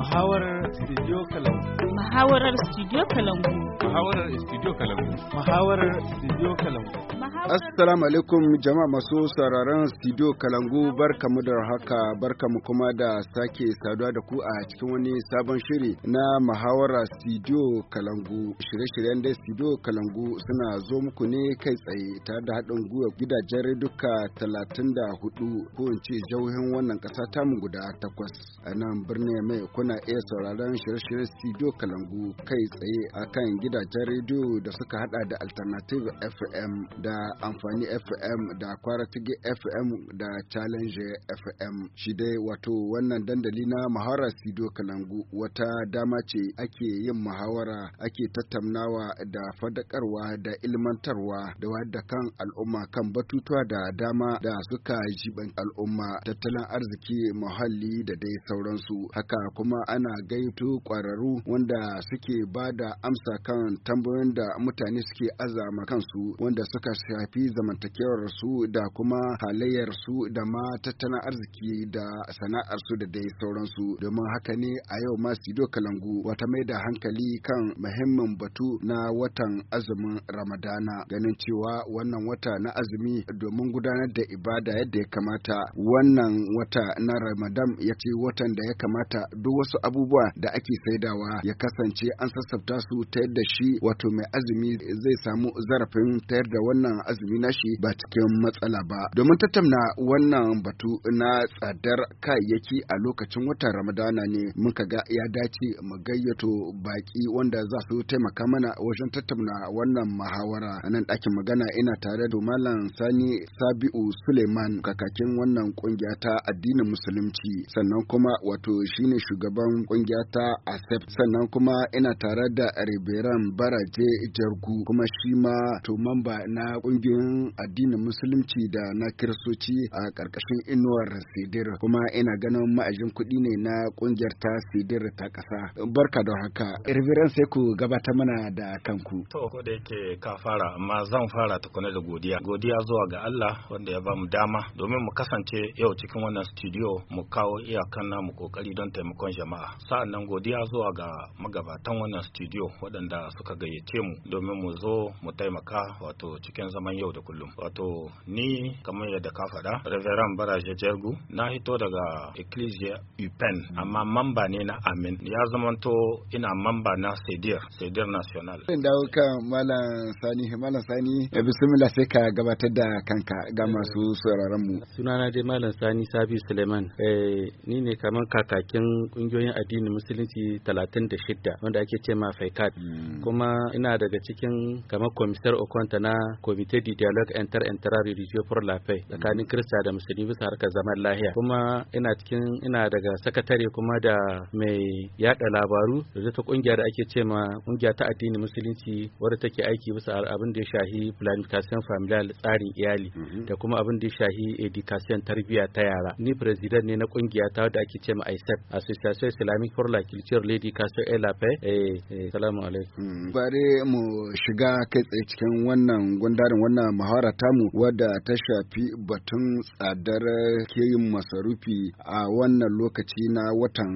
Muhawarar Studio Kalangu. Muhawarar Studio Kalangu. Muhawarar Studio Kalangu. Muhawarar Studio Kalangu. Assalamu alaikum jama'a masu sauraron Studio Kalangu barkamu da haka barkamu kuma da sake saduwa da ku a cikin wani sabon shiri na Muhawara Studio Kalangu. Shirye-shiryen da Studio Kalangu suna zo muku ne kai tsaye tare da haɗin guwa gidajen duka talatin da hudu ko in ce jauhin wannan ƙasa tamu guda takwas a nan birnin mai kuna kuna iya sauraron shirye-shiryen studio kalangu kai tsaye a kan gidajen rediyo da suka hada da alternative fm da amfani fm da kwaratige fm da challenge fm shi dai wato wannan dandali na muhawarar studio kalangu wata dama ce ake yin muhawara ake tattaunawa da fadakarwa da ilmantarwa da wadda kan al'umma kan batutuwa da dama da suka jiban al'umma tattalin arziki muhalli da dai sauransu haka kuma ana gaito kwararru wanda suke ba da amsa kan tambayoyin da mutane suke azama kansu wanda suka shafi zamantakewar su da kuma halayyar su da ma tattalin arziki da sana'ar su da dai sauransu domin haka ne a yau ma Sido Kalangu wata mai da hankali kan muhimmin batu na watan azumin Ramadana ganin cewa wannan wata na azumi domin gudanar da ibada yadda ya kamata wannan wata na Ramadan ya ce watan da ya kamata duk wasu wasu abubuwa da ake saidawa ya kasance an sassafta su ta yadda shi wato mai azumi zai samu zarafin tayar da wannan azumi na shi ba cikin matsala ba domin tattauna wannan batu na tsadar kayayyaki a lokacin watan ramadana ne muka ga ya dace mu gayyato baki wanda za su taimaka mana wajen tattauna wannan muhawara a nan ɗakin magana ina tare da malam sani sabiu suleiman kakakin wannan kungiya ta addinin musulunci sannan kuma wato shine shugaban shugaban kungiya ta ASEP sannan kuma ina tare da Riberan Baraje Jargu kuma shi ma to mamba na kungiyoyin addinin musulunci da na kiristoci a karkashin inuwar Sidir kuma ina ganin ma'ajin kuɗi ne na kungiyar ta Sidir ta ƙasa. Barka da haka. Riberan sai ku gabata mana da kanku. To ko da yake ka fara amma zan fara tukuna da godiya. Godiya zuwa ga Allah wanda ya bamu dama domin mu kasance yau cikin wannan studio mu kawo iyakan namu kokari don taimakon jama'a. jama'a sa'an nan godiya zuwa ga magabatan wannan studio waɗanda suka gayyace mu domin mu zo mu taimaka wato cikin zaman yau da kullum wato ni kamar yadda ka faɗa reverend baraje jergu na hito daga ecclesia upen amma mamba ne na amin ya zamanto ina mamba na sedir sedir national zan dawo kan malam sani malam sani eh, bismillah sai ka gabatar da kanka ga masu sauraron mu sunana dai malam sani sabi suleiman eh, ni ne kamar kakakin kungiyoyi ƙungiyoyin addinin musulunci 36 wanda ake ce ma faikat hmm. kuma ina daga cikin kamar komisar okonta na komite di dialogue inter intra religieux pour la paix hmm. tsakanin kirista da musulmi bisa harkar zaman lahiya kuma ina cikin ina daga sakatare kuma da mai yada labaru da zata kungiya da ake ce ma kungiya ta addinin musulunci wadda take aiki bisa abin da ya shahi planification familial tsarin iyali hmm. da kuma abin da ya shahi education tarbiyya ta yara ni president ne na kungiya ta wadda ake ce ma ISEP association islamic for la culture lady castro et eh, eh, salamu alaikum mm, bare mu shiga kai tsaye cikin wannan gundarin wannan muhawara tamu wadda ta shafi batun tsadar kiyayin masarufi a wannan lokaci na watan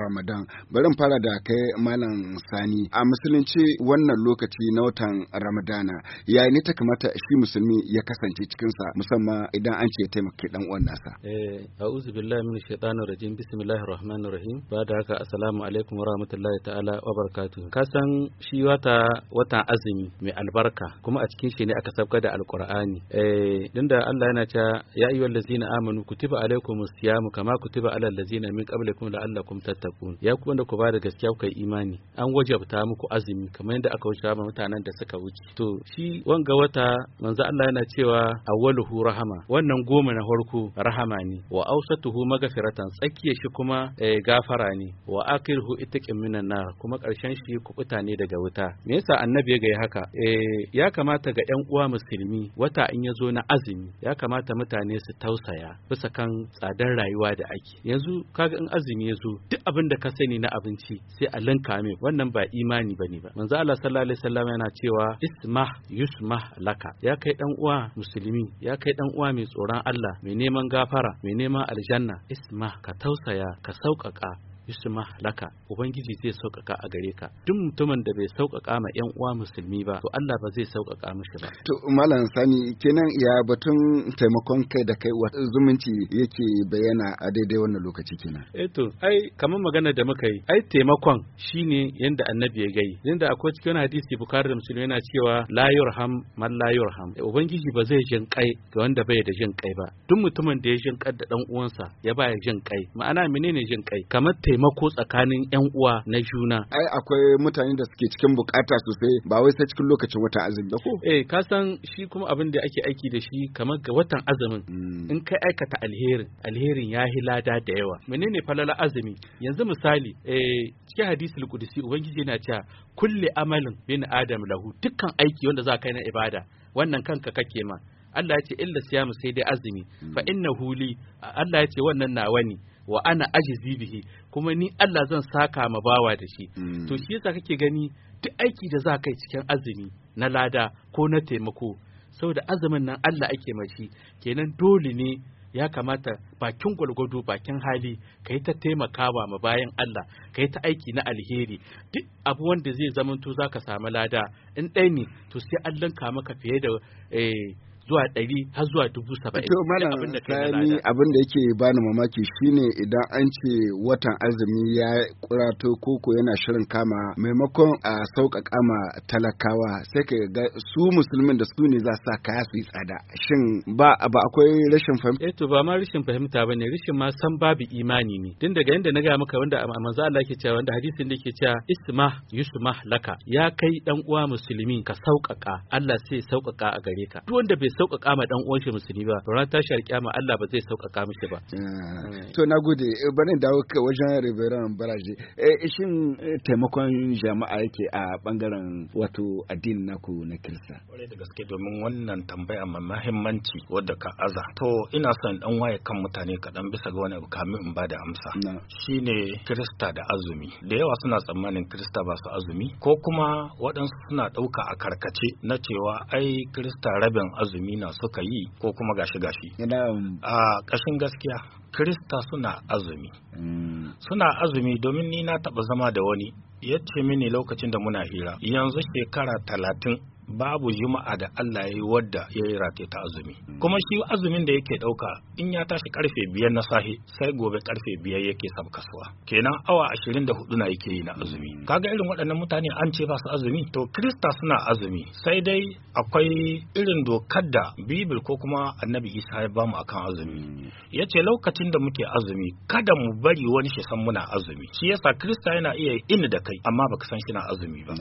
ramadan bari mu fara da kai malam sani a musulunci wannan lokaci na watan ramadana ya ne ta kamata shi musulmi ya kasance cikinsa musamman idan an ce taimaki dan uwan nasa eh a'udhu billahi minash shaitanir rajim bismillahir rahmanir rahim ba da haka assalamu alaikum rahmatullahi ta'ala wa barakatuh ka san shi wata wata azumi mai albarka kuma a cikin shi ne aka sabka da alqur'ani eh dinda Allah yana cewa ya ayyuhal ladzina amanu kutiba alaikumus siyamu kama kutiba alal ladzina min qablikum la'allakum tattaqun ya ku wanda ku ba da gaskiya ku kai imani an wajabta muku azumi kamar yadda aka wajaba mutanen da suka wuce to shi wanga wata manzo Allah yana cewa awwaluhu rahama wannan goma na farko rahama ne wa ausatuhu magfiratan Tsakiye shi kuma eh, gafa kafara ne wa akirhu ittaqin minan nar kuma ƙarshen shi kubuta ne daga wuta me yasa annabi ya gaya haka eh ya kamata ga ƴan uwa musulmi wata in ya zo na azumi ya kamata mutane su tausaya bisa kan tsadar rayuwa da ake yanzu kaga in azumi ya duk abin da ka sani na abinci sai a linka mai wannan ba imani bane ba manzo Allah sallallahu alaihi wasallam yana cewa ismah yusmah laka ya kai ɗan uwa musulmi ya kai ɗan uwa mai tsoron Allah mai neman gafara mai neman aljanna isma ka tausaya ka sauƙaƙa yusma laka ubangiji zai sauƙaƙa a gare ka duk mutumin da bai sauƙaƙa ma yan uwa musulmi ba to Allah ba zai sauƙaƙa mishi ba to malam sani kenan ya batun taimakon kai da kai wa zumunci yake bayyana a daidai wannan lokaci kenan eh to ai kamar magana da muka yi ai taimakon shine yanda annabi ya gai yanda akwai cikin hadisi bukari da musulmi yana cewa la yurham man la yurham eh, ubangiji ba zai jin kai ga wanda bai da jin kai ba duk mutumin da ya jin kai da dan uwansa ya ba ya jin kai ma'ana menene jin kai kamar taimako tsakanin yan uwa na juna ai akwai mutane da suke cikin bukata sosai ba wai sai cikin lokacin watan azumi ba ko eh ka san shi kuma abin da ake aiki da shi kamar ga watan azumin hmm. in kai aikata alherin alherin ya hi lada da yawa menene falala azumi yanzu misali eh cikin hadisul qudsi ubangiji yana cewa kulle amalin bin adam lahu dukkan aiki wanda za ka yi na ibada wannan kanka kake ma Allah ya ce illa siyamu sai dai azumi hmm. fa innahu li Allah ya ce wannan nawa ne wa ana ajizi bihi kuma ni Allah zan saka ma bawa da shi hmm. to shi yasa kake gani duk aiki da za kai cikin azumi na lada ko na taimako saboda azumin nan Allah ake mashi kenan dole ne ya kamata bakin gwalgwado bakin hali ka yi ta taimakawa ma bayan Allah ka yi ta aiki na alheri duk abu wanda zai zamanto za ka samu lada in ɗaya ne to sai an ka maka fiye da eh, zuwa ɗari har zuwa dubu saba'in. To mana sani abin da yake bani mamaki shine idan an ce watan azumi ya kurato koko yana shirin kama maimakon a sauƙaƙa ma talakawa sai ka ga su musulmin da su ne za sa kaya su yi tsada shin ba ba akwai rashin fahimta. Eh to ba ma rashin fahimta ba ne rashin ma san babu imani ne tun daga yadda na gaya maka wanda a manzo Allah ke cewa wanda hadisin da ke cewa isma yusma laka ya kai dan uwa musulmi ka sauƙaƙa Allah sai sauƙaƙa a gare ka duk wanda bai sauƙaƙa ma dan uwan shi musulmi ba ran tashi alƙiyama Allah ba zai sauƙaƙa mishi ba eh, to na gode eh, bari dawo wajen Reverend baraje eh, shin taimakon jama'a yake a bangaren wato addini naku na kirista kwarai da gaske domin wannan tambaya mai mahimmanci wadda ka aza to ina son dan waye kan mutane kaɗan bisa ga wani abu kamin in bada amsa shine kirista da azumi da yawa suna tsammanin kirista ba su azumi ko kuma waɗansu suna ɗauka a karkace na cewa ai kirista rabin azumi na suka yi ko kuma gashi gashi um, a ƙashin gaskiya krista suna azumi mm. suna azumi domin ni na taɓa zama da wani yace mini lokacin da muna hira yanzu shekara talatin babu juma'a da Allah ya yi wadda ya yi rataye ta azumi hmm. kuma shi azumin da yake dauka in ya tashi karfe biyar na safe sai gobe karfe biyar yake kasuwa. kenan awa ashirin da hudu na yake yi na azumi kaga irin waɗannan mutane an ce ba su azumi to krista suna azumi sai dai akwai irin dokar da bibil ko kuma annabi isa ya bamu akan azumi hmm. ya ce lokacin da muke azumi kada mu bari wani shi san muna azumi shi yasa krista yana iya ini da kai amma baka san shi na azumi ba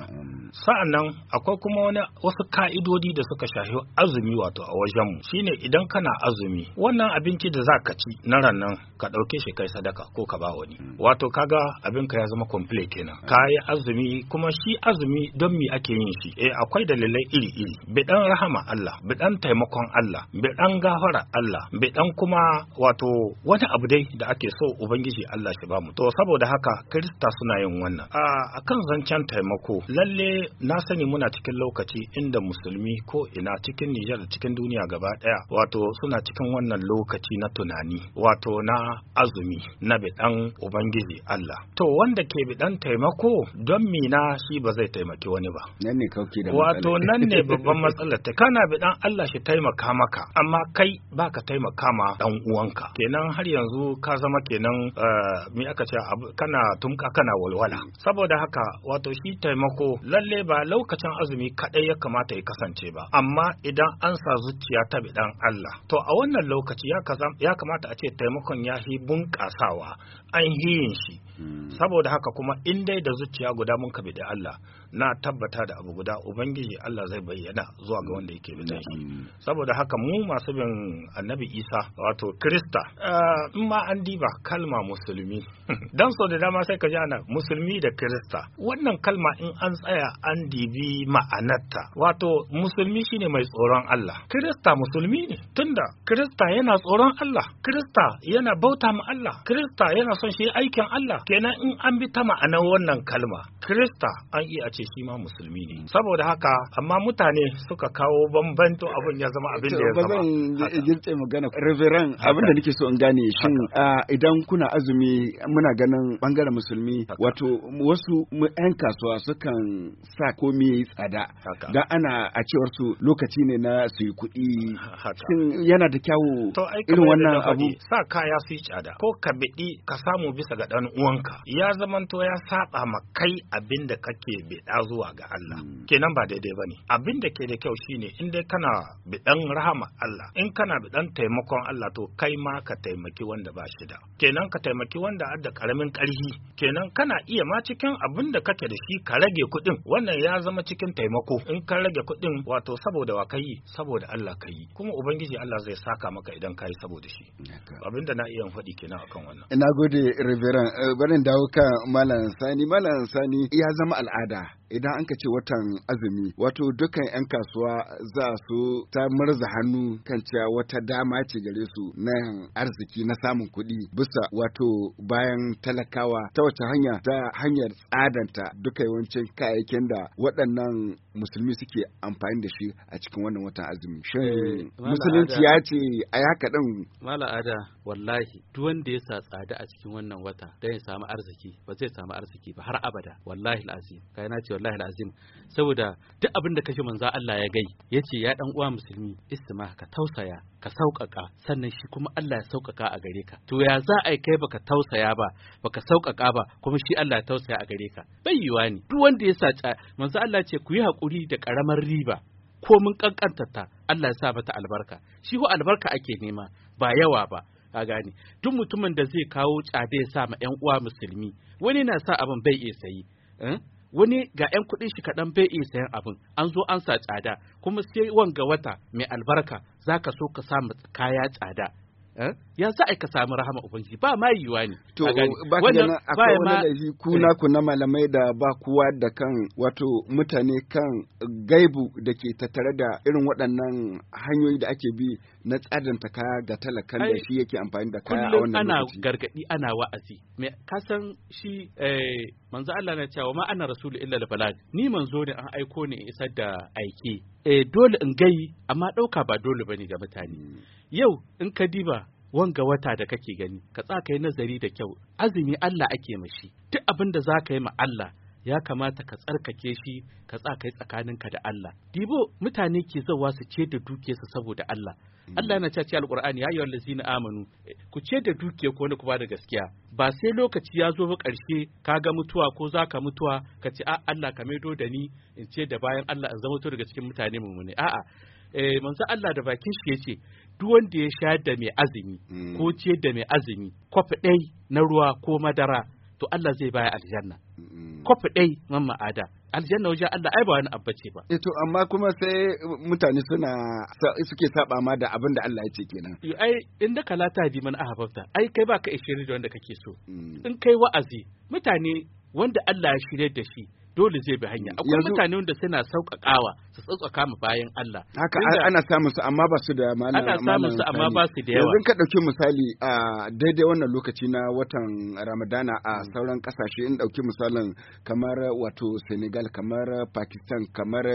sa'annan akwai kuma wani wasu ka'idodi da suka shafi azumi wato a wajenmu shine idan kana azumi wannan abinci da za ka ci na rannan ka ɗauke shi kai sadaka ko ka ba wani hmm. wato kaga abin ka ya zama complete kenan ka yi azumi kuma shi azumi don me ake yin shi eh akwai dalilai iri-iri bidan rahama Allah bidan taimakon Allah bidan gafara Allah bidan kuma wato wani abu dai da ake so ubangiji Allah shi ba mu to saboda haka Kirista suna yin wannan ah, a akan zancen taimako lalle na sani muna cikin lokaci inda musulmi ko ina cikin Nijar da cikin duniya gaba ɗaya wato suna cikin wannan lokaci na tunani wato na azumi na biɗan Ubangiji Allah. To wanda ke biɗan taimako don mina shi ba zai taimaki wani ba. Nan ne kauki da Wato nan ne babban matsalar ta kana biɗan Allah shi taimaka maka amma kai baka taimaka ma dan uwanka. Kenan har yanzu ka zama kenan eh, mi aka ce kana tumka kana walwala. Saboda haka wato shi taimako lalle ba lokacin azumi kaɗai ya kamata ya kasance ba amma idan an sa zuciya ta bi bidan Allah to a wannan lokaci ya kamata a ce taimakon ya bunƙasawa an hiyin shi hmm. saboda haka kuma in dai da zuciya guda mun kabe da Allah na tabbata da abu guda ubangiji Allah zai bayyana zuwa ga wanda yake bi shi hmm. saboda haka mu masu bin annabi Isa wato Krista eh, in ma an diba kalma musulmi dan so da dama sai ka ji ana musulmi da Krista wannan kalma in an tsaya an dibi ma'anarta wato musulmi shine mai tsoron Allah Krista musulmi ne tunda Krista yana tsoron Allah Krista yana bauta ma Allah Krista yana son shi aikin Allah kenan in an bi ta ma'anar wannan kalma Krista an iya ce shi ma musulmi ne saboda haka amma mutane suka kawo bambanto abin ya zama abin da ya zama bazan girce magana reverend abin da nake so in gane shin idan kuna azumi muna ganin bangaren musulmi wato wasu yan kasuwa sukan sa komai yayi tsada ga ana a cewar su lokaci ne na su yi kuɗi shin yana da kyawu irin wannan abu sa kaya su yi tsada ko ka biɗi ka sa samu bisa ga dan uwanka ya zamanto ya saba ma kai abin da kake bida zuwa ga Allah hmm. kenan ba daidai bane abin da ke da kyau shine in dai kana bidan rahama Allah in kana bidan taimakon Allah to kai ma ka taimaki wanda ba shi da kenan ka taimaki wanda da karamin ƙarfi kenan kana iya ma cikin abinda da kake da shi ka rage kuɗin wannan ya zama cikin taimako in ka rage kuɗin wato saboda wa kai saboda Allah kai kuma ubangiji Allah zai saka maka idan kai saboda shi abinda na iya faɗi kenan akan wannan ina eh, gode Reverend, eh, barin dawo kan Malam Sani. Malam Sani ya zama al'ada. idan an ka ce watan azumi wato dukkan 'yan kasuwa za su ta murza hannu kan cewa wata dama ce gare su na arziki na samun kuɗi bisa wato bayan talakawa ta wace hanya ta hanyar tsadanta duka yawancin kayayyakin da waɗannan musulmi suke amfani da shi a cikin wannan watan azumi shin eh, musulunci ya ce a ya kaɗan Mala'ada, wallahi duk wanda ya sa tsada a cikin wannan wata don ya samu arziki ba zai samu arziki ba har abada wallahi al'azim kai na ce wallahi azim saboda duk abin da kashe manzo Allah ya gai yace ya dan uwa musulmi istima ka tausaya ka sauƙaƙa sannan shi kuma Allah ya sauƙaƙa a gare ka to ya za a yi kai baka tausaya ba baka sauƙaƙa ba kuma shi Allah ya tausaya a gare ka bai yiwa ne duk wanda ya saci manzo Allah ce ku yi hakuri da karamar riba ko mun kankanta ta Allah ya sa mata albarka shi ko albarka ake nema ba yawa ba ka gane duk mutumin da zai kawo tsada ya sa ma yan uwa musulmi wani na sa abin bai iya sayi eh? wani ga 'yan kuɗin shi kaɗan bai iya sayan abin an zo an sa tsada kuma sai wanga wata mai albarka za ka so ka samu kaya tsada Eh? ya za a ka samu rahama ubangiji ba ma yiwa ne to ba akwai wani laifi kuna ku eh. na malamai da ba kuwa da kan wato mutane kan gaibu da ke tattare da irin waɗannan hanyoyi da ake bi na ta kaya ga talakan da shi yake amfani da kaya a wannan ana gargadi ana wa'azi me ka san shi eh, manzo Allah na cewa ma ana rasulu illa al balag ni manzo ne an aiko ne isar da aiki eh, dole in gai amma ɗauka ba dole bane ga mutane mm. yau in ka diba wanga wata da kake gani ka tsaka yi nazari da kyau azumi Allah ake mashi duk abin da za ka yi ma Allah ya kamata ka tsarkake shi ka tsaka yi tsakaninka da Allah dibo mutane ke zawa su ce da dukiyarsa saboda Allah mm. Allah yana cewa alqur'ani ya ayyuhal ladzina amanu ku ce da dukiya ko wani ku ba da gaskiya ba sai lokaci ya zo ba karshe ga mutuwa ko za ka mutuwa ka ce a Allah ka maido da ni in ce da bayan Allah in zama to daga cikin mutane mu ne a'a Eh, manzo Allah da bakin shi yace duk wanda ya sha da mai azumi hmm. ko ce da mai azumi kwafi ɗai na ruwa ko madara to Allah zai baya aljanna hmm. kwafi ɗai man ma'ada aljanna wajen Allah ai ba wani abu ce ba. E to amma kuma sai mutane suna suke saba ma da abin da Allah ya ce kenan. Ai in da kalata bi man ahabbta ai kai baka ishirin da wanda kake so. Hmm. In kai wa'azi mutane wanda Allah ya shirye da shi dole zai bi hanya akwai mutane wanda suna sauƙaƙawa su tsatsaka mu bayan Allah haka ana samun su amma ba su da ma'ana ana samun su amma ba su da yawa yanzu ka dauki misali a daidai wannan lokaci na watan Ramadana a mm. sauran kasashe in dauki misalin kamar wato Senegal kamar Pakistan kamar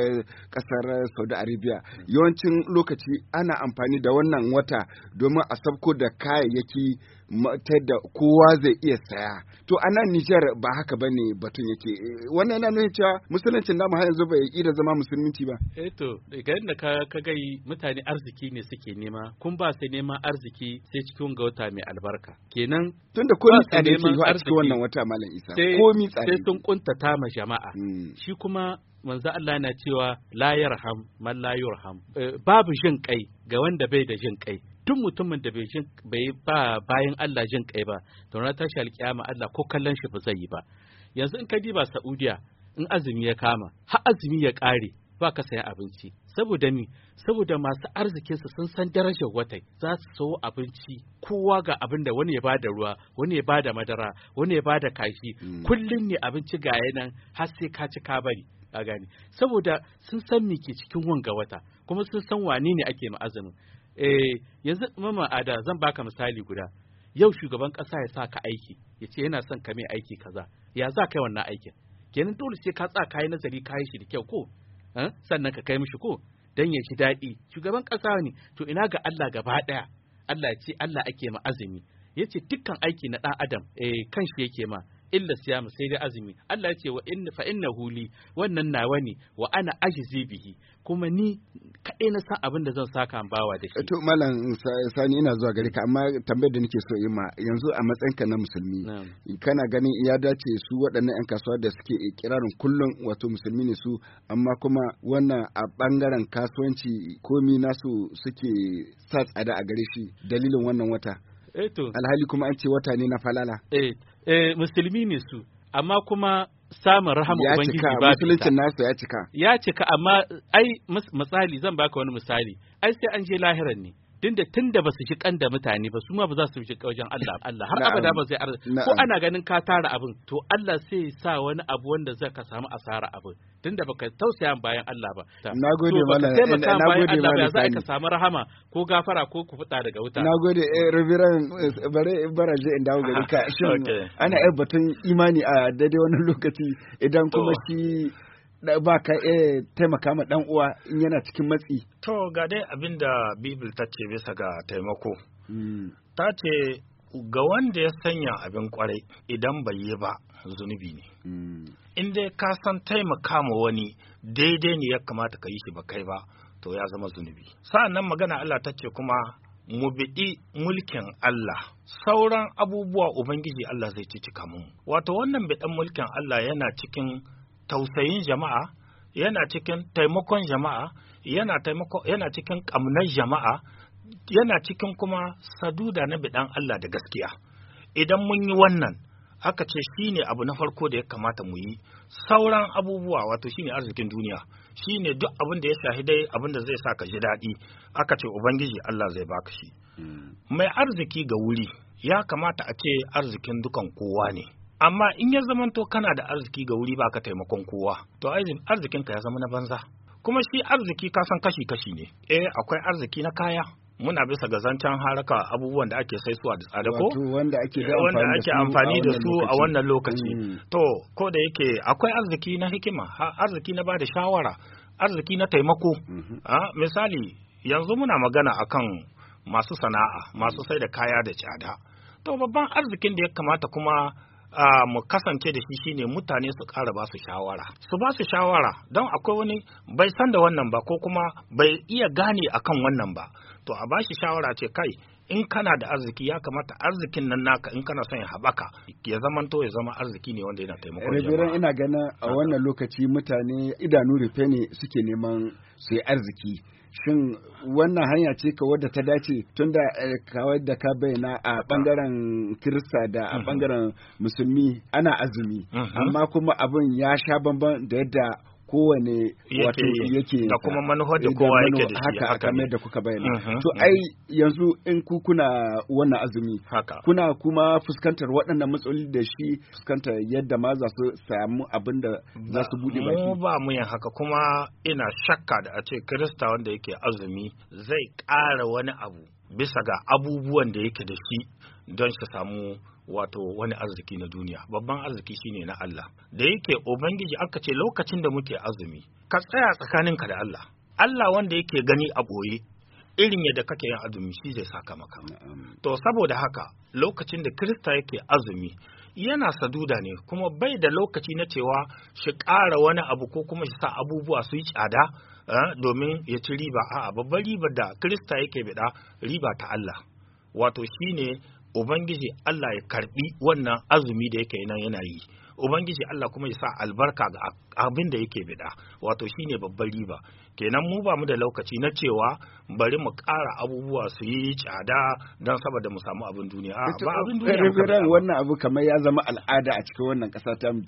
kasar Saudi Arabia mm. yawancin lokaci ana amfani da wannan wata domin a sabko da kayayyaki matar da kowa zai iya saya to a nan Nijar ba haka ba ne batun yake eh, wannan yana nuna cewa musuluncin namu har yanzu bai ƙi da zama musulunci ba eh to ga yadda ka ka gai mutane arziki ne suke nema kun ba su nema arziki sai cikin ga wata mai albarka kenan tunda komi tsare ke a cikin wannan wata malam Isa komi tsare sai sun kuntata ma jama'a hmm. shi kuma manzo Allah yana cewa la yarham man la yurham eh, babu jin kai ga wanda bai da jin kai duk mutumin da bai ba bayan Allah jin kai ba to na tashi alkiyama Allah ko kallon shi ba zai yi ba yanzu in ka diba Saudiya in azumi ya kama har azumi ya kare ba ka saya abinci saboda mi saboda masu arzikinsa sun san darajar watai za su sayo abinci kowa ga abin da wani ya ba da ruwa wani ya ba da madara wani ya ba da kashi hmm. kullum ne abinci ga yanan har sai ka ci ka bari a gani saboda sun san me ke cikin wanga wata kuma sun san wane ne ake ma'azamin eh yanzu mama ada zan baka misali guda yau shugaban kasa ya sa ka aiki ya ce yana son ka mai aiki kaza ya za kai wannan aikin kenan dole sai ka tsaka kayi nazari kayi shi da kyau ko eh, sannan ka kai mishi ko dan ya ji daɗi shugaban kasa ne to ina ga Allah gaba daya Allah ce Allah ake ma azumi yace dukkan aiki na dan adam eh kanshi yake ma illa mu sai dai azumi Allah ya ce wa inna fa inna huli wannan nawa ne wa ana ajizi bihi kuma ni kaɗai na san abin da zan saka bawa da shi to malam sani ina zuwa gare ka amma tambayar da nake so yi ma yanzu a matsayinka na musulmi kana ganin ya dace su waɗannan yan kasuwa da suke ikirarin kullum wato musulmi ne su amma kuma wannan a bangaren kasuwanci komi nasu suke sa tsada a gare shi dalilin wannan wata eh alhali kuma an ce wata ne na falala eh, Eh, musulmi ne su amma kuma samun rahama ubangiji ba musuluncin nasu ya cika ya cika amma ai misali zan baka wani misali ai sai an je lahiran ne dinda tun da ba su kan da mutane ba su ma ba za su shiƙa wajen Allah Allah har abada ba zai arziki ko ana ganin ka tara abin to Allah sai ya sa wani abu wanda zai ka samu asara abin tunda baka tausaya bayan Allah ba nagode mallam nagode mallam ba eh, za ka samu rahama ko gafara ko ku fita daga wuta nagode eh, reverend eh, bare bare je in dawo gari ka shin ana yar batun imani a daidai wannan lokaci idan kuma shi ba ka e, taimaka ma dan uwa in yana cikin matsi to ga dai abin da bibil ta ce bisa ga taimako mm. ta ce ga wanda ya sanya abin kwarai idan bai yi ba zunubi ne mm. in dai ka san taimaka ma wani daidai ne ya kamata ka yi shi ba kai ba to ya zama zunubi sa'an nan magana Allah ta ce kuma mu biɗi mulkin Allah sauran abubuwa Ubangiji Allah zai ci cika mu wato wannan biɗan mulkin Allah yana cikin tausayin jama'a yana cikin taimakon jama'a yana taimako yana cikin ƙamnar jama'a yana cikin kuma saduda na bidan Allah da gaskiya idan mun yi wannan aka ce shine abu na farko da ya kamata mu yi sauran abubuwa wato shine arzikin duniya shine duk abin da ya shahi dai abin da zai sa ka ji daɗi aka ce ubangiji Allah zai baka shi hmm. mai arziki ga wuri ya kamata a ce arzikin dukan kowa ne amma in ya to kana da arziki ga wuri baka taimakon kowa to arzikin ka ya zama na banza kuma shi arziki ka san kashi kashi ne eh akwai arziki na kaya muna bisa ga zancen haraka abubuwan da ake saisuwa da tsada ko wanda ake eh, amfani da su a wannan lokaci mm. to ko da yake akwai arziki na hikima arziki na bada shawara arziki na taimako mm-hmm. misali yanzu muna magana akan masu sana'a masu sai da kaya da tsada to babban arzikin da ya kamata kuma a mu kasance da shi shine mutane su ƙara ba su shawara su ba su shawara don akwai wani bai san da wannan ba ko kuma bai iya gane akan wannan ba to a bashi shawara ce kai in kana da arziki ya kamata arzikin nan naka in kana son ya haɓaka ya zama to ya zama arziki ne wanda yana taimakon jama'a. Rabiran ina ganin a wannan lokaci mutane idanu rufe ne suke neman su yi arziki shin wannan hanya ce ka wadda ta dace tun da eh, kawai da ka bayyana a bangaren ah. kirista da a bangaren mm-hmm. musulmi ana azumi mm-hmm. amma kuma abin ya sha bamban da yadda kowane wato yake da kuma manuhar da kowa yake da haka aka kamar da kuka bayyana mm-hmm, to mm-hmm. ai yanzu in ku kuna wannan azumi haka kuna kuma fuskantar waɗannan matsaloli da shi fuskantar yadda ma za su samu abin da za su bude baki mu ba mu yin haka kuma ina shakka da a ce kirista wanda yake azumi zai ƙara wani abu bisa ga abubuwan da yake da shi don shi samu wato wani arziki na duniya babban arziki shine na Allah da yake ubangiji aka ce lokacin da muke azumi ka tsaya tsakaninka da Allah Allah wanda yake gani a boye irin yadda kake yin azumi shi zai saka maka to saboda haka lokacin da Kirista yake azumi yana saduda ne kuma bai da lokaci na cewa shi ƙara wani abu ko kuma shi sa abubuwa su yi tsada eh, domin ya ci riba a'a babban ribar da Kirista yake bida riba ta Allah wato shine ubangiji Allah ya karbi wannan azumi da yake nan yana yi ubangiji Allah kuma ya sa albarka ga abin da yake bida wato shine babbar riba kenan mu ba mu da lokaci na cewa bari mu ƙara abubuwa su yi tsada don saboda mu samu abin duniya ba abin duniya wannan abu kamar ya zama al'ada a cikin wannan ƙasa ta mu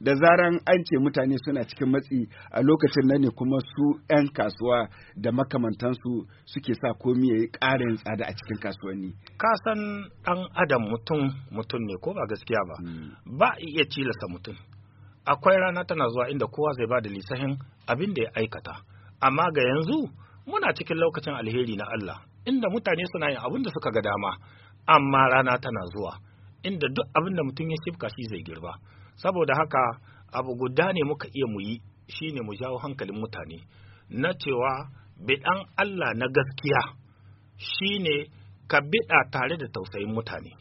da zaran an ce mutane suna cikin matsi a lokacin nan ne kuma su 'yan kasuwa da makamantansu suke sa komi ya yi ƙarin tsada a cikin kasuwanni ka san ɗan adam mutum mutum ne ko ba gaskiya ba hmm. ba iya tilasta mutum akwai rana tana zuwa inda kowa zai ba da lisahin abin da ya aikata amma ga yanzu muna cikin lokacin alheri na Allah inda mutane suna yin abin da suka ga dama amma rana tana zuwa inda duk abin da mutum ya shifka shi zai girba saboda haka abu guda ne muka iya mu yi shine mu jawo hankalin mutane na cewa bidan Allah na gaskiya shine ka bida tare da tausayin mutane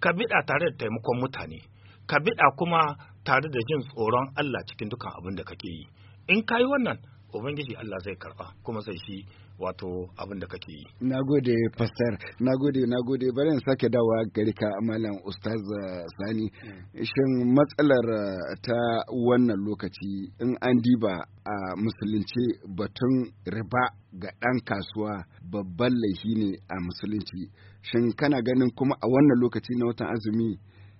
ka bida tare da taimakon mutane ka bida kuma tare da jin tsoron Allah cikin dukan abin da kake yi in kayi wannan ubangiji Allah zai karba kuma sai shi wato abin da kake yi nagode pastor nagode nagode bari in sake dawa gari ka malam ustaz eh, sani mm. shin matsalar eh, ta wannan lokaci in an diba a musulunci batun riba ga ɗan kasuwa babban laifi ne a musulunci shin kana ganin kuma a wannan lokaci na watan azumi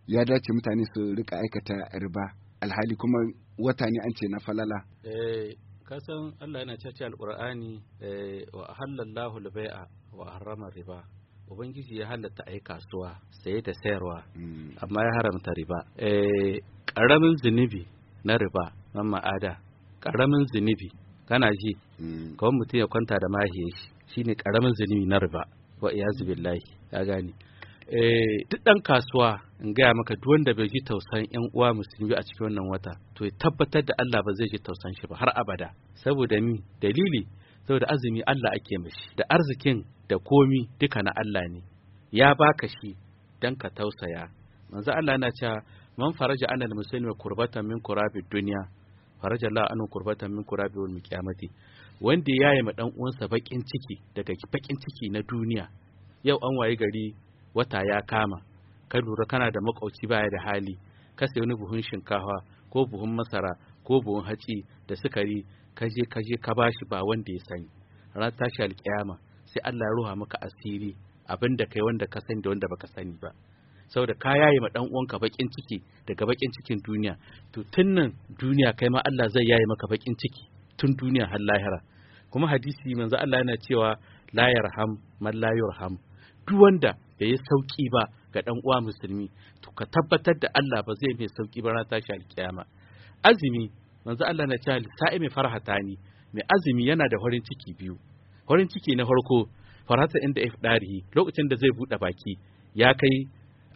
ya dace mutane su rika aikata riba alhali kuma wata ne an ce na falala eh kasan Allah yana cece alqur'ani eh, wa halallahu al-bai'a wa harrama riba ubangiji ya halatta a yi kasuwa saye da sayarwa hmm. amma ya haramta riba eh, ƙaramin zunubi na riba na ma'ada ƙaramin zunubi kana ji hmm. kawai mutum ya kwanta da mahiye shi shine karamin zunubi na riba wa iyazu billahi ya gani eh, duk ɗan kasuwa in gaya maka duk wanda bai ji tausan yan uwa musulmi a cikin wannan wata to ya tabbatar da Allah ba zai ji tausan shi ba har abada saboda ni dalili saboda azumi Allah ake mishi da arzikin da komi duka na Allah ne ya baka shi dan ka tausaya manzo Allah yana cewa man faraja anal muslimi kurbatan min kurabi dunya faraja Allah anu kurbatan min kurabi wal qiyamati wanda ya yi ma dan uwansa bakin ciki daga bakin ciki na duniya yau an wayi gari wata ya kama ka lura kana da makwauci baya da hali ka sayi wani buhun shinkafa ko buhun masara ko buhun hatsi da sukari ka je ka je ka bashi ba wanda ya sani ran tashi alkiyama sai Allah ya ruha maka asiri abin da kai wanda ka sani da wanda baka sani ba saboda ka yaye ma dan uwanka bakin ciki daga baƙin cikin duniya to tun nan duniya kai ma Allah zai yaye maka baƙin ciki tun duniya har lahira kuma hadisi manzo Allah yana cewa la yarham man la yurham duk wanda bai yi sauki ba ga ɗan uwa musulmi to ka tabbatar da Allah ba zai mai sauki ba ta tashi alkiyama azumi manzo Allah na ce farhata ni. mai azumi yana da farin ciki biyu farin ciki na farko farhata inda ifdari lokacin da zai bude baki ya kai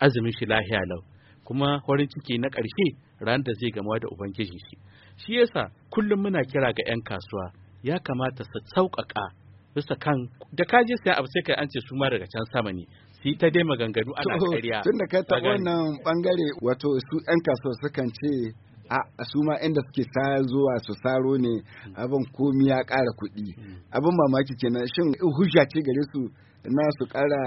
azumin shi lahiya lau kuma farin ciki na ƙarshe ranar da zai gama da ubangiji shi shi yasa kullum muna kira ga 'yan kasuwa ya kamata su sauƙaƙa bisa kan da ka je sai abu sai ka an ce su ma daga can sama ne shi ta dai maganganu ana kariya. tun da ka taɓa wannan bangare wato su yan kasuwa sukan ce a su ma inda suke sa zuwa su saro ne abin komi ya ƙara kuɗi hmm. abin mamaki kenan shin hujja ce gare su na su ƙara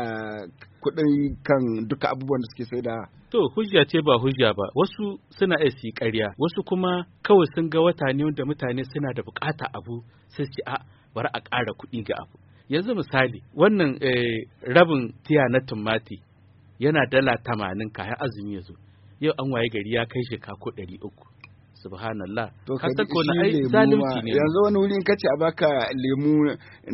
kuɗin kan duka abubuwan da suke sai da to hujja ce ba hujja ba wasu suna iya su ƙarya wasu kuma kawai sun ga wata ne wanda mutane suna da buƙata abu sai su a bari a ƙara kuɗi ga abu yanzu misali wannan eh, rabin tiya na tumati yana dala tamanin kayan azumi yanzu. yau an waye gari ya kai shi kako ɗari uku subhanallah to ka sako na ai zalunci ne yanzu wani wuri ka ce a baka lemu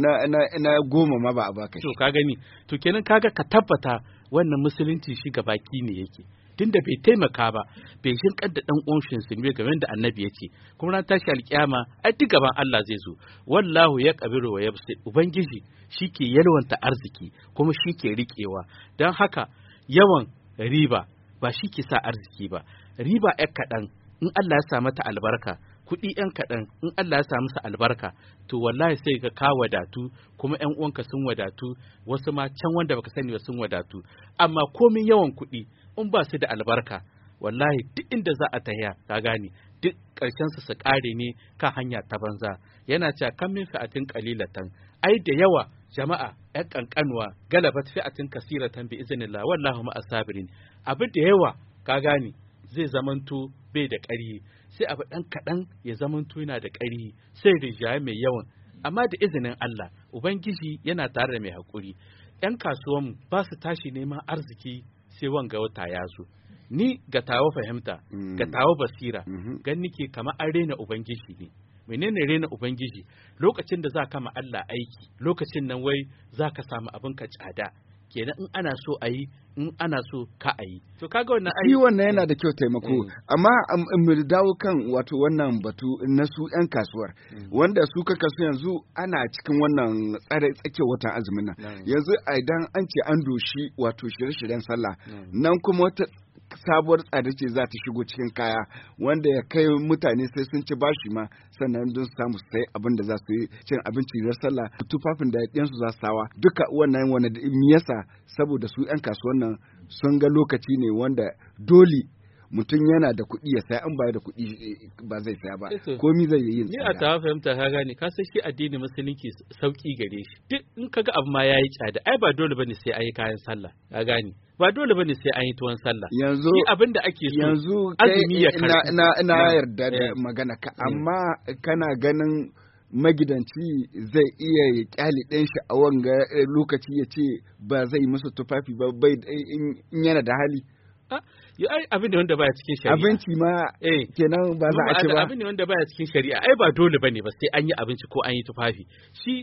na na na goma ma ba a baka to ka gani to kenan kaga ka tabbata wannan musulunci shi gabaki ne yake da bai taimaka ba bai shin da dan uwan su ne game da annabi yace kuma ran tashi alkiyama ai duk gaban Allah zai zo wallahu ya kabiru wa yabsi ubangiji shike yalwanta arziki kuma shike rikewa dan haka yawan riba ba shi ke sa arziki ba riba ɗan kaɗan in Allah ya sa mata albarka kuɗi yan kaɗan in Allah ya samu su albarka to wallahi sai ka ka wadatu kuma yan uwanka sun wadatu wasu ma can wanda baka sani ba sun wadatu amma komai yawan kuɗi in ba su da albarka wallahi duk inda za a tahiya ka gane duk ƙarshen su su ƙare ne ka hanya ta banza yana cewa kan min fa'atin qalilatan ai da yawa jama'a ƴan ƙanƙanwa galabat fi'atin kasiratan bi iznillah wallahu ma asabirin abin da yawa ka gane zai zamanto bai da ƙari. sai abu ɗan kaɗan ya zaman tuna da ƙari sai rinjaye mai yawan amma da izinin Allah ubangiji yana tare da mai haƙuri 'yan kasuwan ba su tashi neman arziki sai wanga wata ya zo ni ga tawo fahimta mm. ga tawo basira mm-hmm. gan nike kamar an rena ubangiji ne menene rena ubangiji lokacin da za ka ma Allah aiki lokacin nan wai za ka samu abin ka tsada kenan in ana so a yi in ana so ka a yi to kaga wannan ai wannan yana da kyau taimako mm. amma um, um, mu dawo kan wato wannan batu na su yan kasuwar mm. wanda su ka kasu yanzu ana cikin wannan tsare tsake watan azumin nan mm. yanzu idan an ce an doshi wato shirye-shiryen sallah nan kuma wata sabuwar tsada ce za ta shigo cikin kaya wanda ya kai mutane sai sun ci bashi ma sannan don samu sai abin da za su yi cin abinci na sallah tufafin da yansu za su sawa duka wannan wani yasa saboda su 'yan kasuwan nan sun ga lokaci ne wanda dole mutum yana da kuɗi ya saya an bayar da kuɗi eh, ba zai saya ba eh, komi zai yi ni a ta fahimta ka gane ka san shi addini musulunci sauki gare shi duk in kaga abu ma yayi tsada ai ba dole bane sai ayi kayan sallah ka gane ba dole bane sai an yi tuwon sallah yanzu ni abin da ake so yanzu azumi ya karɓi na na yarda da eh. magana ka amma kana ganin magidanci zai iya ya kyale ɗan shi a wanga lokaci ya ce ba zai musu tufafi ba bai in yana da hali Ah, ai abin da wanda baya cikin shari'a abinci ma eh kenan ba za a ci ba abin da wanda baya cikin shari'a ai ba dole bane ba sai an yi abinci ko an yi tufafi shi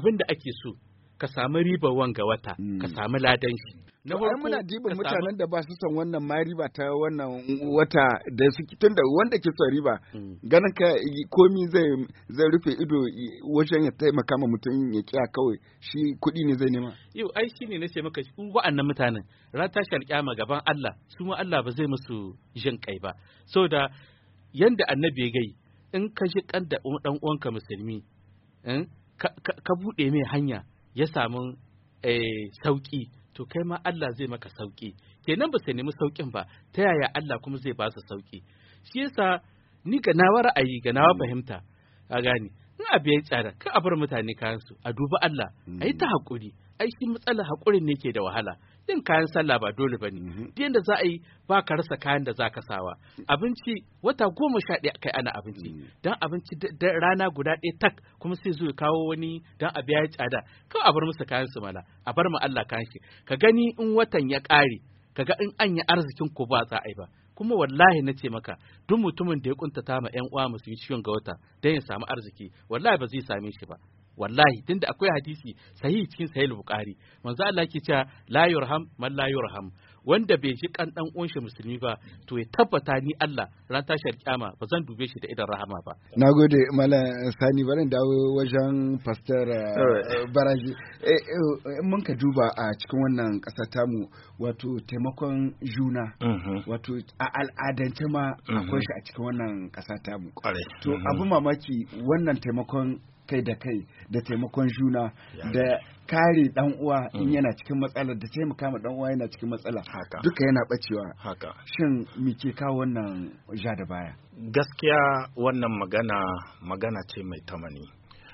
abin da ake so ka samu riba wanga wata ka hmm. samu ladan shi na farko muna jibin mutanen da ba su son wannan ma riba ta wannan wata da su tunda wanda ke son riba hmm. ganin ka komi zai zai rufe ido wajen ya taimaka ma mutum ya kiya kawai shi kuɗi ne zai nema yau ai shine nace maka su wa'annan mutanen ran tashi alƙiyama gaban Allah su ma Allah ba zai musu jin kai ba saboda yanda annabi ya gai in ka ji kan da dan uwanka musulmi eh, ka buɗe mai hanya ya samu eh, sauki to kai ma Allah zai maka sauki kenan ba sai nemi saukin ba ta yaya Allah kuma zai ba su sauki shi yasa ni ga nawa ra'ayi ga nawa fahimta a gani in abu ya tsara ka a bar mutane kayan a duba Allah Ayi ta hakuri ai shi matsalar hakurin ne ke da wahala din kayan sallah ba dole ba ne mm-hmm. duk da za a yi ba ka rasa kayan da za ka sawa abinci wata goma sha ɗaya kai ana abinci mm. dan abinci rana guda ɗaya tak kuma sai zo kawo wani dan a biya tsada kawai a bar musu kayan su mala a bar mu Allah kayan shi ka gani in watan ya ƙare ga in an yi arzikin ku ba za a yi ba kuma wallahi na ce maka duk mutumin da ya kuntata ma yan uwa musu ciwon ga wata dan ya samu arziki wallahi ba zai same shi ba wallahi tunda akwai hadisi sahihi cikin sahih bukhari manzo Allah ke cewa la yurham man la yurham wanda bai shi kan dan uwan musulmi ba to ya tabbata ni Allah ran tashar kiyama ba zan dube shi da idan rahama ba nagode sani barin dawo wajen pastor eh, eh, baraji eh, mun ka duba a cikin wannan kasa tamu wato taimakon juna mm-hmm. wato a al'adance ma mm-hmm. akwai shi a cikin wannan kasa tamu to mm-hmm. abu mamaki wannan taimakon kai da kai da taimakon juna da kare dan uwa in mm. yana cikin matsala da taimaka ma dan uwa yana cikin matsala duka yana bacewa haka shin me ke kawo wannan ja da baya gaskiya wannan magana magana ce mai tamani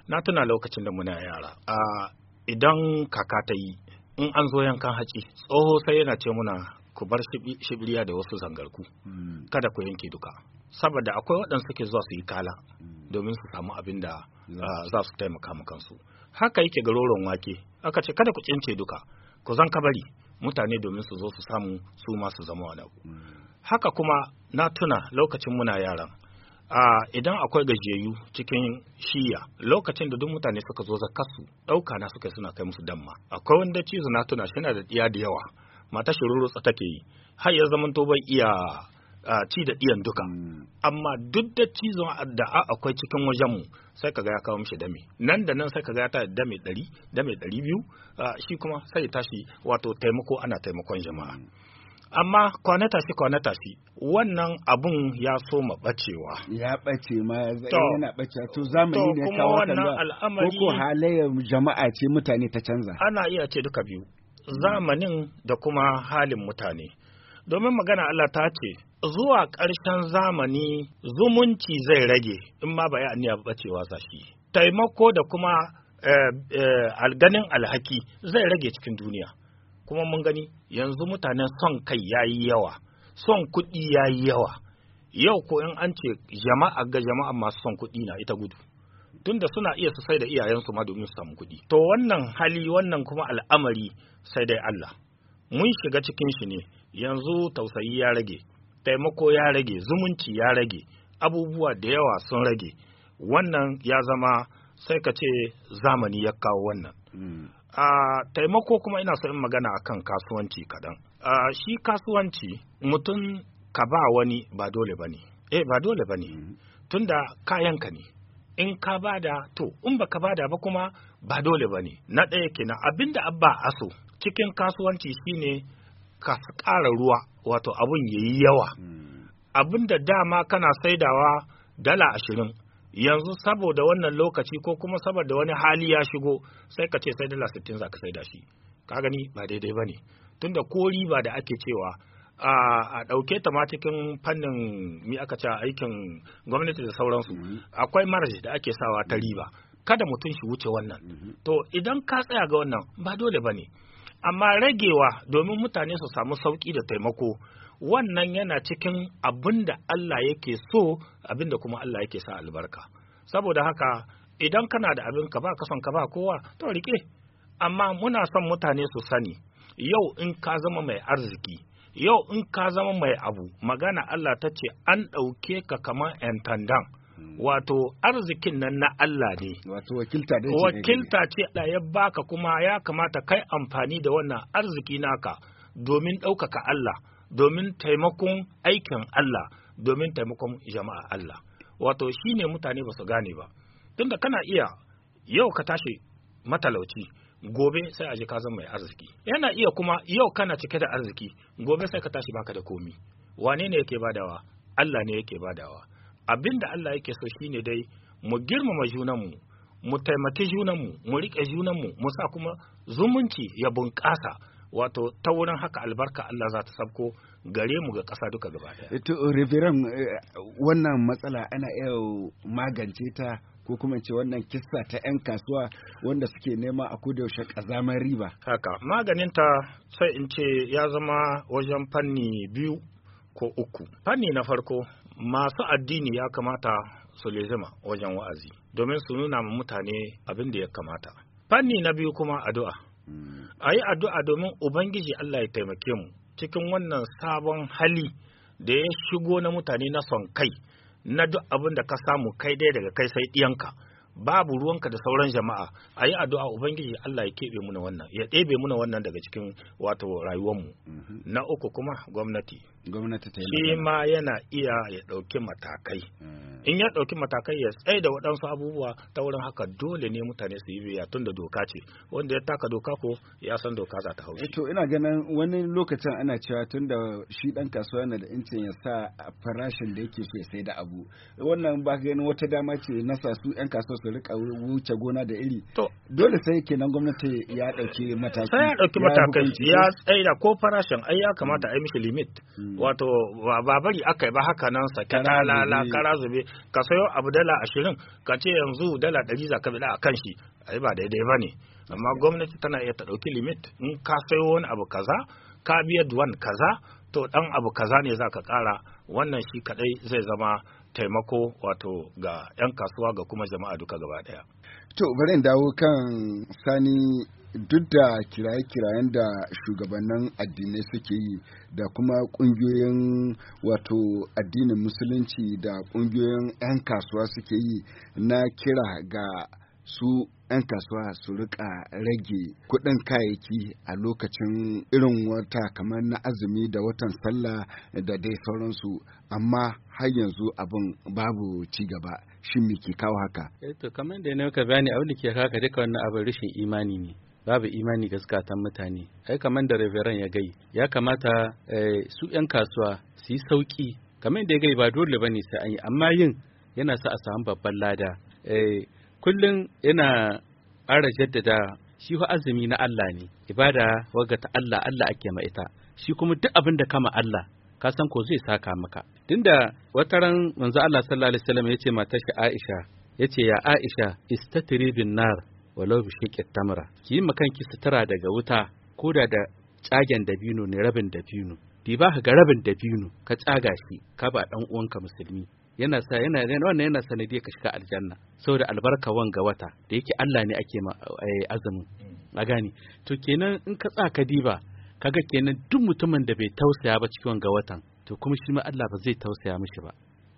na tuna lokacin da muna yara a idan kaka ta yi in an zo yankan haƙi tsoho sai yana ce muna ku bar shibiliya da wasu zangarku mm. kada ku yanke duka saboda akwai waɗanda suke zuwa su yi kala mm. domin su samu abinda. za su taimaka mu kansu haka yake ga roron wake aka ce kada ku cince duka ku zan kabari mutane domin su zo su samu su ma su zama wani abu haka kuma na tuna lokacin muna yaran a idan akwai gajiyayyu cikin shiya lokacin da duk mutane suka zo zakarsu ɗauka na suka suna kai musu damma akwai wanda cizo na tuna shi da iya da yawa mata shirurutsa take yi har ya zama to bai iya ci da ɗiyan duka mm. amma duk da cizon a akwai cikin wajenmu sai kaga ya kawo mishi dame nan da nan sai kaga ya ta dame ɗari dame ɗari biyu shi kuma sai tashi wato taimako ana taimakon jama'a mm. amma kwane tashi kwane tashi wannan abun ya so ma bacewa ya bace ma yana bacewa to zamani ne kawo wannan ko halayyar jama'a ce mutane ta canza ana iya ce duka biyu mm. zamanin da kuma halin mutane domin magana Allah ta ce zuwa ƙarshen zamani zumunci zai rage in ma bai aniya bacewa sashi taimako da kuma eh, eh, ganin alhaki zai rage cikin duniya kuma mun gani yanzu mutanen son kai yayi yawa son kuɗi yayi yawa yau ko in an ce jama'a ga jama'a masu son kuɗi na ita gudu tunda suna iya su sai da iyayensu ma domin su samu kuɗi to wannan hali wannan kuma al'amari sai dai Allah mun shiga cikin shi ne yanzu tausayi ya rage taimako ya rage zumunci ya rage abubuwa da yawa sun rage wannan ya zama sai ka ce zamani ya kawo wannan mm. a taimako kuma ina so in magana akan kasuwanci kaɗan shi kasuwanci mutum ka ba wani ba dole ba ne eh ba dole ba ne tunda mm. tunda kayanka ne in ka bada to in baka bada ba kuma ba dole ba ne na ɗaya kenan abinda abba aso cikin kasuwanci shine ka ƙara ruwa wato abun ya yi yawa abin da dama kana saidawa dala ashirin yanzu saboda wannan lokaci ko kuma saboda wani hali ya shigo sai ka ce sai dala sittin za ka saida shi ka gani ba daidai ba ne tunda ko riba da ake cewa a ɗauke ta ma cikin fannin mi aka ce aikin gwamnati da sauransu mm-hmm. akwai maraj da ake sawa ta riba kada mutum shi wuce wannan mm-hmm. to idan ka tsaya ga wannan ba dole ba ne amma ragewa domin mutane su samu sauƙi da taimako wannan yana cikin abin da Allah yake so abin da kuma Allah yake sa albarka saboda haka idan kana da abin ka ba ka ka ba kowa to rike amma muna son mutane su sani yau in ka zama mai arziki yau in ka zama mai abu magana Allah ta ce an ɗauke ka kamar 'yan tandan Mm. wato arzikin nan na Allah ne wato wakilta ne wakilta ce Allah ya baka kuma ya kamata kai amfani da wannan arziki naka domin ɗaukaka Allah domin taimakon aikin Allah domin taimakon jama'a Allah wato shine mutane ba su gane ba tunda kana iya yau ka tashi matalauci gobe sai a je ka zama mai arziki yana iya kuma yau kana cike da arziki gobe sai ka tashi baka da komi wane ne yake badawa Allah ne yake badawa abin da Allah yake so ne dai mu girmama junanmu mu mu taimaki junanmu mu rike junanmu mu sa kuma zumunci ya bunƙasa wato ta wurin haka albarka Allah za ta sabko gare mu ga ƙasa duka gaba ɗaya. To Reverend eh, wannan matsala ana iya magance ta ko kuma ce wannan kissa ta 'yan kasuwa wanda suke nema a kodayaushe ƙazaman riba. Haka ta sai in ce ya zama wajen fanni biyu ko uku. Fanni na farko masu addini ya kamata su lezima wajen wa'azi domin su nuna ma mutane abin da ya kamata fanni na biyu kuma addu'a a yi addu'a domin ubangiji allah ya taimake mu cikin wannan sabon hali da ya shigo na mutane na son kai na duk abin da ka samu kai dai daga kai sai ɗiyanka babu ruwanka da sauran jama'a a yi addu'a ubangiji Allah ya keɓe muna wannan ya ɗebe muna wannan daga cikin wato rayuwarmu mm-hmm. na uku kuma gwamnati gwamnati ta yi shi ma yana iya ya ɗauki matakai hmm. in ya ɗauki matakai ya tsaye da waɗansu abubuwa ta wurin haka dole ne mutane su yi biya tun da doka ce wanda ya taka doka ko ya san doka za ta haushi eh to ina ganin wani lokacin ana cewa tun da shi ɗan kasuwa na da incin ya sa farashin da yake so ya sai da abu wannan ba ganin wata dama ce na sa su ƴan kasuwa su rika wuce gona da iri to dole sai kenan gwamnati ya ɗauki matakai ya ɗauki matakai ya tsaida ko farashin ai ya kamata a yi mishi limit hmm. Hmm. wato ba bari aka yi ba haka nan sa sake talala kara zube ka sayo abu dala ashirin ka ce yanzu dala ɗari za ka bi a kan shi ai ba daidai ba ne amma gwamnati tana iya ta ɗauki limit in ka sayo wani abu kaza ka biya duwan kaza to ɗan abu kaza ne za ka ƙara wannan shi kaɗai zai zama taimako wato ga 'yan kasuwa ga kuma jama'a duka gaba ɗaya. To bari in dawo kan sani duk da kiraye-kirayen da shugabannin addinai suke yi da kuma kungiyoyin wato addinin musulunci da ƙungiyoyin 'yan kasuwa suke yi na kira ga su 'yan kasuwa su rika rage kuɗin kayayyaki a lokacin irin wata kamar na azumi da watan sallah da dai sauransu amma har yanzu abin babu ci gaba shi me ke kawo haka eh to kamar da na ka bayani abin da ke haka duka wannan abin rashin imani ne babu imani ga zukatan mutane ai kamar da reveren ya gai ya kamata eh, su 'yan kasuwa su yi sauki kamar da ya gai ba dole ba ne sai an yi amma yin yana sa a samu babban lada eh, kullum yana ƙara jaddada shi fa azumi na Allah ne ibada waga ta Allah Allah ake ma ita shi kuma duk abin da kama Allah ka san ko zai saka maka tunda wata ran manzo Allah sallallahu alaihi wasallam yace matar Aisha yace ya Aisha istatiri bin nar walau bi shiƙe ki yi makanki sutura daga wuta ko da da tsagen dabino ne rabin dabino di ba ka ga rabin dabino ka tsaga shi ka ba dan uwanka musulmi yana sa yana wannan yana ka shiga aljanna saboda albarka wanga wata da yake Allah ne ake eh, azumin a gani to kenan in ka tsaka diba ga kenan duk mutumin da bai tausaya ba cikin wanga watan to kuma shi ma Allah ba zai tausaya mishi ba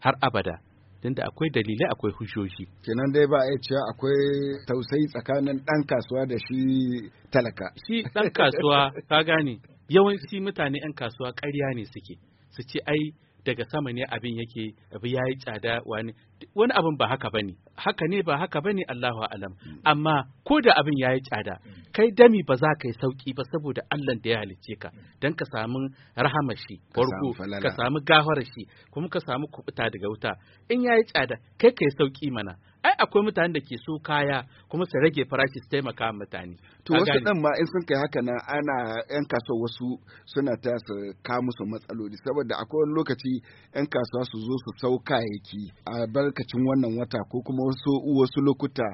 har abada tunda akwai dalilai akwai hujjoji kenan dai ba a cewa akwai tausayi tsakanin ɗan kasuwa da shi talaka shi ɗan kasuwa ka gane yawanci mutane ɗan kasuwa karya ne suke su ce ai daga sama ne abin yake abu ya yi tsada wani wani abin ba haka bane haka ne ba haka bane Allahu alam hmm. amma ko da abin yayi tsada hmm. kai dami ba za ka yi sauki ba saboda Allah da ya halicce ka hmm. dan ka samu rahama shi farko ka samu gafara shi kuma ka samu kubuta daga wuta in yayi tsada kai kai sauki mana ai akwai mutanen da ke so kaya kuma su rage farashi su taimaka mutane. To wasu ɗan ma in sun kai haka na, ana ‘yan kasuwa wasu suna ta su ka musu matsaloli saboda akwai wani lokaci ‘yan kasuwa su zo su sau kayayyaki a bar albarkacin wannan wata ko kuma wasu wasu lokuta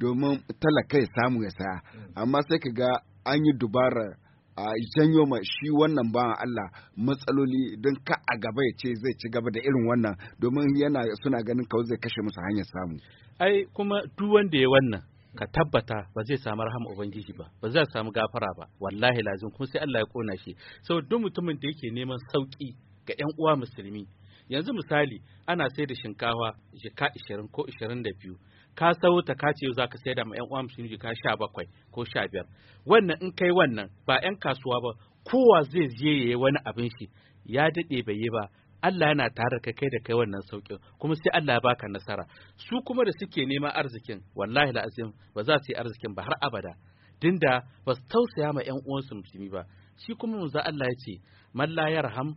domin talaka ya samu ya saya amma sai ka ga an yi dubara a janyo ma shi wannan bawan Allah matsaloli don ka a gaba ya ce zai ci gaba da irin wannan domin yana suna ganin kawai zai kashe musu hanyar samu ai kuma duk wanda ya wannan ka tabbata ba zai samu rahama ubangiji ba ba zai samu gafara ba wallahi lazim kuma sai Allah ya kona shi saboda duk mutumin da yake neman sauki ga 'yan uwa musulmi yanzu misali ana sai da shinkawa jika 20 ko 22 ka sayo ta ka za ka sai da ma 'yan uwa musulmi jika 17 ko 15 wannan in kai wannan ba 'yan kasuwa ba kowa zai je yayi wani abin shi ya daɗe bai yi ba Allah yana tare ka kai da kai wannan sauƙin kuma sai Allah ya baka nasara su kuma da suke neman arzikin wallahi la'azim ba za su yi arzikin ba har abada dinda ba su tausaya ma 'yan uwansu musulmi ba shi kuma za Allah ya ce man la yarham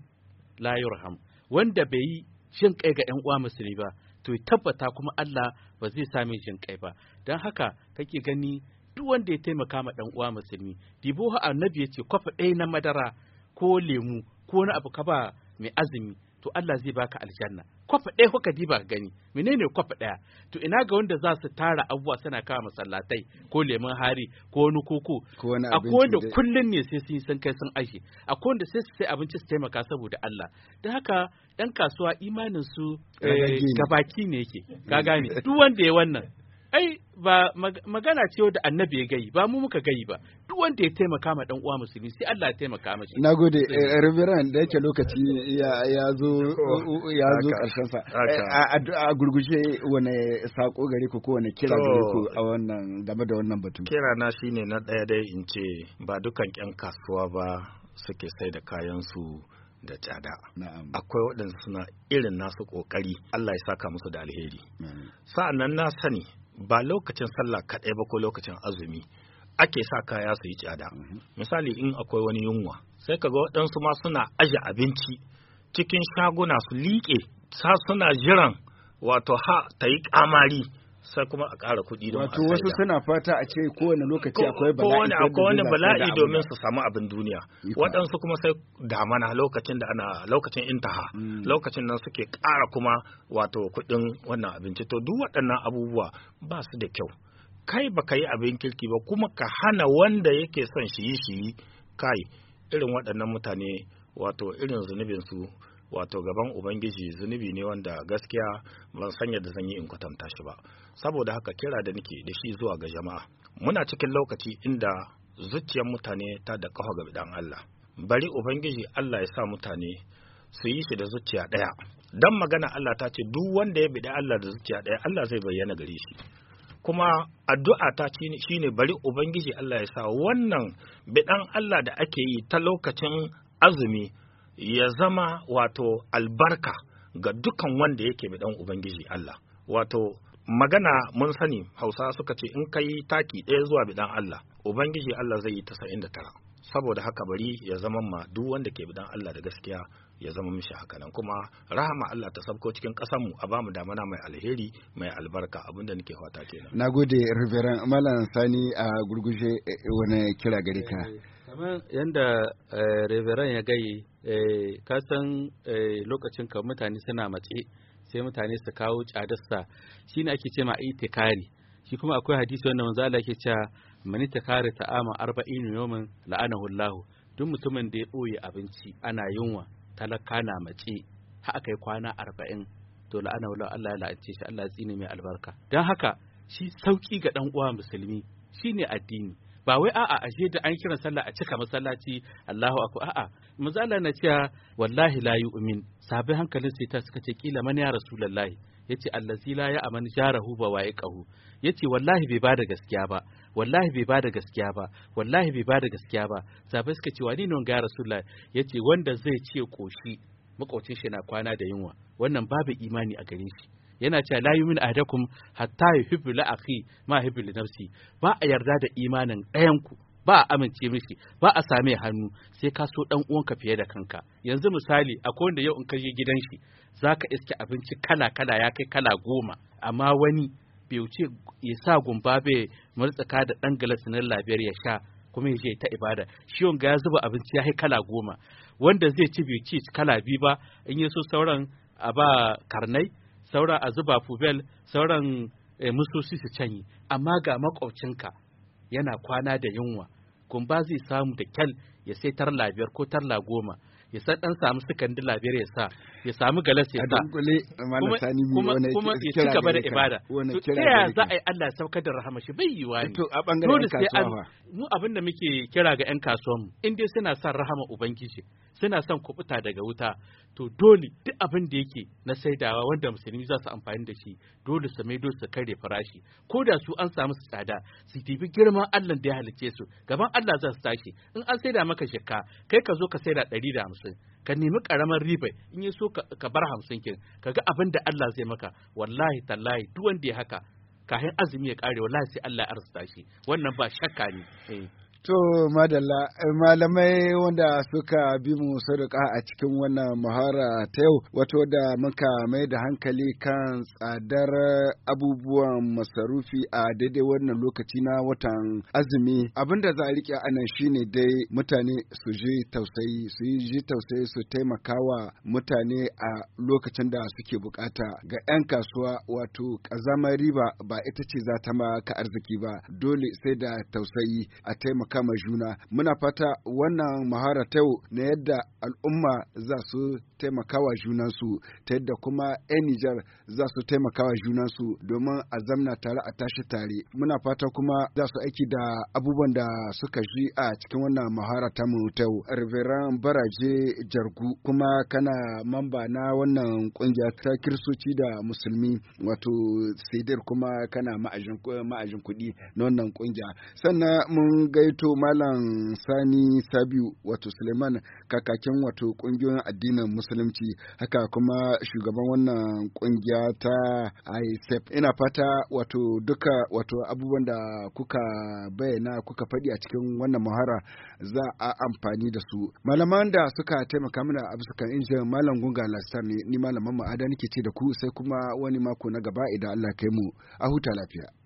la yurham wanda bai yi jin kai ga 'yan uwa musulmi ba to tabbata kuma Allah ba zai sami jin kai ba don haka kake gani duk wanda ya taimaka ma ɗan uwa musulmi dibo ha annabi ya ce kwafa ɗaya na madara ko lemu ko wani abu ka ba mai azumi to Allah zai baka aljanna kwafa ɗaya kuka diba ka gani menene kwafa ɗaya to ina ga wanda za su tara abubuwa suna kawo masallatai ko lemun hari ko wani koko akwai wanda kullum ne sai sun san kai sun aje akwai wanda sai su sai abinci su taimaka saboda Allah don haka 'yan kasuwa imanin su eh, gabaki ne yake ka gane duk wanda ya wannan ai ba magana ce da annabi ya gayi ba mu muka gayi ba duk wanda ya taimaka ma dan uwa musulmi sai Allah ya taimaka mashi nagode eh, eh, reverend da yake lokaci ya zo ya zo oh, karshen sa a gurguje wani sako gare ku ko wani kira gare ku a wannan game da wannan batun. kira na shine na daya dai in ce ba dukan yan kasuwa ba suke sai da kayan su da tsada akwai waɗanda suna irin nasu ƙoƙari Allah ya saka musu da alheri sa'an na sani ba lokacin sallah kaɗai ba ko lokacin azumi ake sa kaya su yi tsada mhm. misali in akwai wani yunwa sai ka ga waɗansu ma suna aje abinci cikin shaguna su liƙe sa suna jiran wato ha ta yi ƙamari sai kuma a ƙara kuɗi don wato wasu suna fata a ce kowane lokaci akwai bala'i kowane bala'i domin su samu abin duniya waɗansu kuma sai damana lokacin da ana lokacin intaha hmm. lokacin nan suke ƙara kuma wato kuɗin wannan abinci to duk waɗannan abubuwa ba su da kyau kai ba ka yi abin kirki ba kuma ka hana wanda yake son shi yi shi kai irin waɗannan mutane wato irin zunubinsu su wato gaban ubangiji zunubi ne wanda gaskiya ban san yadda zan yi in kwatanta shi ba saboda haka kira da nake da shi zuwa ga jama'a muna cikin lokaci inda zuciyar mutane ta da kafa ga bidan Allah bari ubangiji Allah ya sa mutane su yi shi da zuciya daya dan magana Allah ta ce duk wanda ya bidi Allah da zuciya daya Allah zai bayyana gare shi kuma addu'a ta shine bari ubangiji Allah ya sa wannan bidan Allah da ake yi ta lokacin azumi ya zama wato albarka ga dukan wanda yake mai dan ubangiji Allah wato magana mun sani hausa suka ce in kai taki ɗaya zuwa bidan Allah ubangiji Allah zai yi da tara saboda haka bari ya zama ma duk wanda ke bidan Allah da gaskiya ya zama mishi hakanan kuma rahama Allah ta sabko cikin mu a bamu damana mai alheri mai albarka abinda nake fata kenan nagode reverend malam sani a gurguje eh, eh, wani kira gare ka eh, kamar yadda reverend ya gayi ka san lokacin ka mutane suna matse sai mutane su kawo cadarsa shine ake ce ma itikari shi kuma akwai hadisi wanda manzo Allah yake cewa man itikari ta'ama arba'in yawman la'anahu Allah duk mutumin da ya boye abinci ana yunwa talaka na mace har aka kwana arba'in to la'ana wala Allah ya la'ance shi Allah ya tsine mai albarka don haka shi sauki ga dan uwa musulmi shine addini ba wai a'a ashe da an kiran sallah a cika masallaci Allahu akbar a'a mazala na cewa wallahi la yu'min sabai hankalin sai ta suka ce kila man ya rasulullahi yace allazi la ya aman jarahu ba waye kahu yace wallahi bai bada gaskiya ba wallahi bai bada gaskiya ba wallahi bai bada gaskiya ba sabai suka ce wani ne ga rasulullahi yace wanda zai ce koshi makocin shi na kwana da yunwa wannan babu imani a gare shi yana cewa la yumin ahdakum hatta yuhibbu la akhi ma yuhibbu li nafsi ba a yarda da imanin ɗayan ku ba a amince miki, ba a same hannu sai ka so dan uwanka fiye da kanka yanzu misali akwai wanda yau in ka je gidan shi zaka iske abinci kala kala ya kai kala goma amma wani bai wuce ya sa gumba bai murtsaka da dan galasinin labiyar ya sha kuma ya je ta ibada shi wanga ya zuba abinci ya kai kala goma wanda zai ci bai ci kala biyu ba in ya so sauran a ba karnai sauran a zuba fubel sauran eh, musosi su canyi amma ga makwabcinka yana kwana da yunwa gumba zai samu da kyal ya sai tarla biyar ko tarla goma ya san dan samu sikandila biyar ya sa ya samu galas ya sa kuma kuma ya ci gaba da ibada to yaya za a yi Allah ya saukar da rahama shi bai yiwa ne to a bangaren kasuwa mu abin da muke kira ga yan kasuwan mu in dai suna son rahama ubangiji suna son kubuta daga wuta to dole duk abin da yake na saidawa wanda musulmi za su amfani da shi dole su maido su kare farashi ko da su an samu su tsada su tafi girman Allah da ya halicce su gaban Allah za su tashi in an saida maka shekka kai ka zo ka saida dari da hamsin ka nemi karamar riba in yi so ka bar hamsin kin ka ga abin da Allah zai maka wallahi tallahi duk wanda ya haka kahin azumi ya kare wallahi sai Allah ya arzuta shi wannan ba shakka ne eh. To madalla eh, malamai wanda suka bi mu sadaka a cikin wannan muhara ta yau wato da muka mai da hankali kan tsadar abubuwan masarufi a daidai wannan lokaci na watan azumi abinda za a rike anan shine dai mutane su ji tausayi su yi ji tausayi su taimaka wa mutane a lokacin da suke bukata ga 'yan kasuwa wato kazamar riba ba ita ce za ta ma ka arziki ba dole sai da tausayi a taimaka kama juna muna fata wannan mahara ta na yadda al'umma za su taimaka wa junansu ta yadda kuma 'yan Nijar za su taimaka junansu domin a zamna tare a tashi tare muna fata kuma za su aiki da abubuwan da suka ji a cikin wannan mahara ta mu ta yau Baraje Jargu kuma kana mamba na wannan kungiya ta Kirsoci da Musulmi wato Sidir kuma kana ma'ajin kuɗi na wannan kungiya sannan mun gaito wato Malam Sani Sabiu wato Suleiman kakakin wato kungiyoyin addinin Musulunci haka kuma shugaban wannan kungiya ta ISEP. Ina fata wato duka wato abubuwan da kuka bayyana kuka faɗi a cikin wannan muhara za a amfani da su. Malaman da suka taimaka mana a bisa kan injin Malam Gunga lasar ne ni malaman ma'ada nake ce da ku sai kuma wani mako na gaba idan Allah kai mu a huta lafiya.